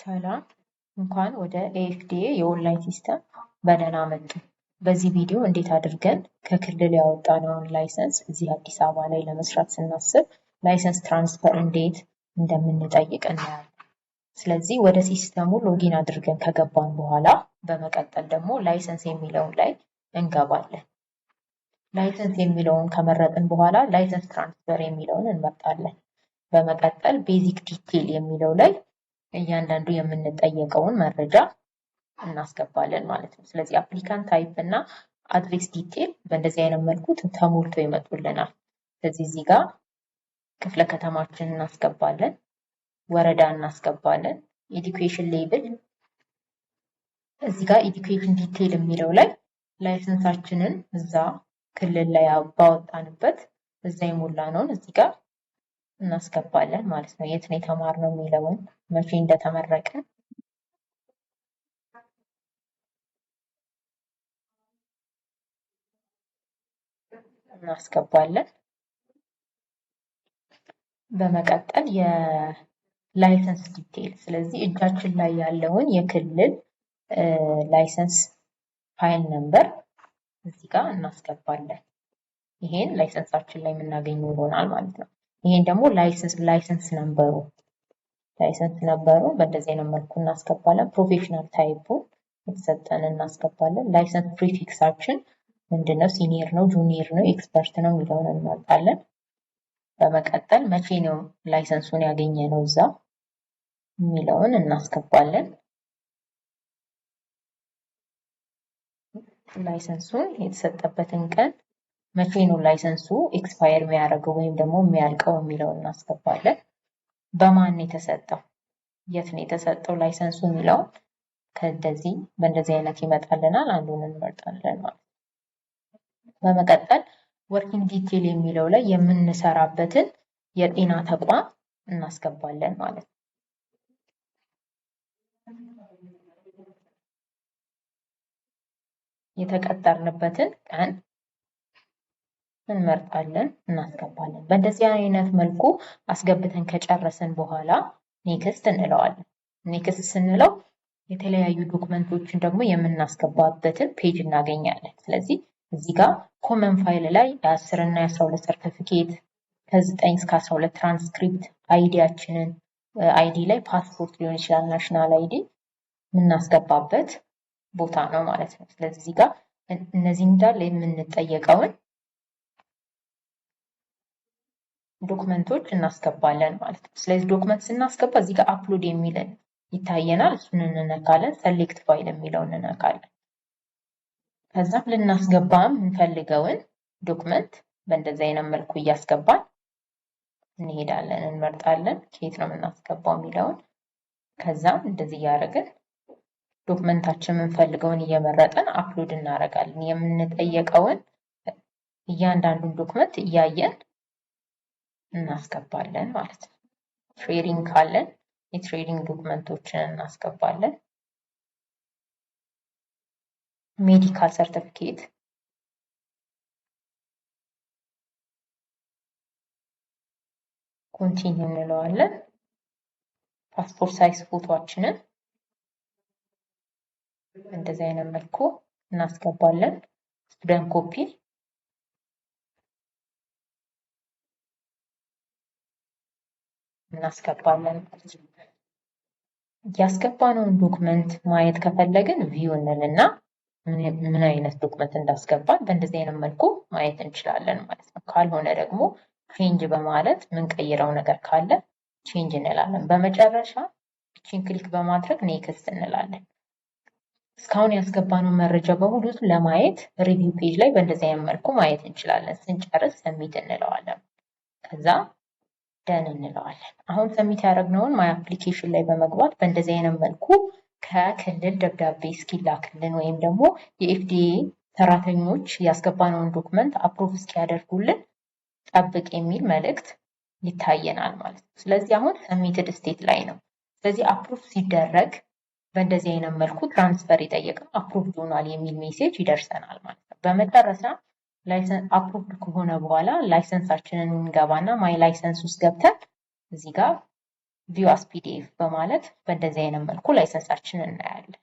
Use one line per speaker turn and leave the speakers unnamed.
ሰላም እንኳን ወደ ኤፍዲኤ የኦንላይን ሲስተም በደህና መጡ። በዚህ ቪዲዮ እንዴት አድርገን ከክልል ያወጣነውን ላይሰንስ እዚህ አዲስ አበባ ላይ ለመስራት ስናስብ ላይሰንስ ትራንስፈር እንዴት እንደምንጠይቅ እናያለን። ስለዚህ ወደ ሲስተሙ ሎጊን አድርገን ከገባን በኋላ በመቀጠል ደግሞ ላይሰንስ የሚለውን ላይ እንገባለን። ላይሰንስ የሚለውን ከመረጥን በኋላ ላይሰንስ ትራንስፈር የሚለውን እንመርጣለን። በመቀጠል ቤዚክ ዲቴል የሚለው ላይ እያንዳንዱ የምንጠየቀውን መረጃ እናስገባለን ማለት ነው። ስለዚህ አፕሊካንት ታይፕ እና አድሬስ ዲቴል በእንደዚህ አይነት መልኩ ተሞልቶ ይመጡልናል። ስለዚህ እዚህ ጋር ክፍለ ከተማችን እናስገባለን፣ ወረዳ እናስገባለን፣ ኤዱኬሽን ሌብል እዚህ ጋር ኤዱኬሽን ዲቴል የሚለው ላይ ላይሰንሳችንን እዛ ክልል ላይ ባወጣንበት እዛ የሞላ ነውን እዚህ ጋር እናስገባለን ማለት ነው። የት ነው የተማርነው የሚለውን መቼ እንደተመረቀ እናስገባለን። በመቀጠል የላይሰንስ ዲቴል፣ ስለዚህ እጃችን ላይ ያለውን የክልል ላይሰንስ ፋይል ነምበር እዚህ ጋር እናስገባለን። ይሄን ላይሰንሳችን ላይ የምናገኘው ይሆናል ማለት ነው። ይሄን ደግሞ ላይሰንስ ነበሩ ላይሰንስ ነበሩ በእንደዚህ አይነት መልኩ እናስገባለን። ፕሮፌሽናል ታይፑ የተሰጠን እናስገባለን። ላይሰንስ ፕሪፊክሳችን ምንድን ነው? ሲኒየር ነው፣ ጁኒየር ነው፣ ኤክስፐርት ነው የሚለውን እንመርጣለን። በመቀጠል መቼ ነው ላይሰንሱን ያገኘ ነው እዛ የሚለውን እናስገባለን። ላይሰንሱን የተሰጠበትን ቀን መቼ ነው ላይሰንሱ ኤክስፓየር የሚያደርገው ወይም ደግሞ የሚያልቀው የሚለውን እናስገባለን። በማን የተሰጠው የት ነው የተሰጠው ላይሰንሱ የሚለው ከእንደዚህ በእንደዚህ አይነት ይመጣልናል። አንዱን እንመርጣለን ማለት ነው። በመቀጠል ወርኪንግ ዲቴል የሚለው ላይ የምንሰራበትን የጤና ተቋም እናስገባለን ማለት ነው። የተቀጠርንበትን ቀን እንመርጣለን እናስገባለን። በእንደዚህ አይነት መልኩ አስገብተን ከጨረስን በኋላ ኔክስት እንለዋለን። ኔክስት ስንለው የተለያዩ ዶክመንቶችን ደግሞ የምናስገባበትን ፔጅ እናገኛለን። ስለዚህ እዚህ ጋር ኮመን ፋይል ላይ የ10 እና የ12 ሰርቲፊኬት ከ9 እስከ 12 ትራንስክሪፕት አይዲያችንን አይዲ ላይ ፓስፖርት ሊሆን ይችላል ናሽናል አይዲ የምናስገባበት ቦታ ነው ማለት ነው። ስለዚህ እዚህ ጋር እነዚህ እንዳለ የምንጠየቀውን ዶክመንቶች እናስገባለን ማለት ነው። ስለዚህ ዶክመንት ስናስገባ እዚህ ጋር አፕሎድ የሚለን ይታየናል። እሱን እንነካለን። ሰሌክት ፋይል የሚለውን እንነካለን። ከዛም ልናስገባ የምንፈልገውን ዶክመንት በእንደዚህ አይነት መልኩ እያስገባን እንሄዳለን። እንመርጣለን ከየት ነው የምናስገባው የሚለውን ከዛም እንደዚህ እያደረግን ዶክመንታችን የምንፈልገውን እየመረጠን አፕሎድ እናደርጋለን። የምንጠየቀውን እያንዳንዱን ዶክመንት እያየን እናስገባለን ማለት ነው። ትሬዲንግ ካለን የትሬዲንግ ዶክመንቶችን እናስገባለን። ሜዲካል ሰርተፊኬት ኮንቲኒ እንለዋለን። ፓስፖርት ሳይዝ ፎቶችንን እንደዚህ አይነት መልኩ እናስገባለን። ስቱደንት ኮፒ እናስገባለን። ያስገባነውን ዶክመንት ማየት ከፈለግን ቪው እንልና ምን አይነት ዶክመንት እንዳስገባን በእንደዚህ አይነት መልኩ ማየት እንችላለን ማለት ነው። ካልሆነ ደግሞ ቼንጅ በማለት ምንቀይረው ነገር ካለ ቼንጅ እንላለን። በመጨረሻ ቺን ክሊክ በማድረግ ኔክስት እንላለን። እስካሁን ያስገባነው መረጃ በሙሉ ለማየት ሪቪው ፔጅ ላይ በእንደዚህ አይነት መልኩ ማየት እንችላለን። ስንጨርስ ሰሚት እንለዋለን። ከዛ ደን እንለዋለን። አሁን ሰሚት ያደረግነውን ማይ አፕሊኬሽን ላይ በመግባት በእንደዚህ አይነት መልኩ ከክልል ደብዳቤ እስኪላክልን ወይም ደግሞ የኤፍዲኤ ሰራተኞች ያስገባነውን ዶክመንት አፕሮቭ እስኪያደርጉልን ጠብቅ የሚል መልእክት ይታየናል ማለት ነው። ስለዚህ አሁን ሰሚትድ ስቴት ላይ ነው። ስለዚህ አፕሮቭ ሲደረግ በእንደዚህ አይነት መልኩ ትራንስፈር የጠየቅነው አፕሮቭ ይሆናል የሚል ሜሴጅ ይደርሰናል ማለት ነው። በመጨረሻ አፕሩቭድ ከሆነ በኋላ ላይሰንሳችንን እንገባና ማይ ላይሰንስ ውስጥ ገብተን እዚህ ጋር ቪው አስ ፒዲኤፍ በማለት በእንደዚህ አይነት መልኩ ላይሰንሳችንን እናያለን።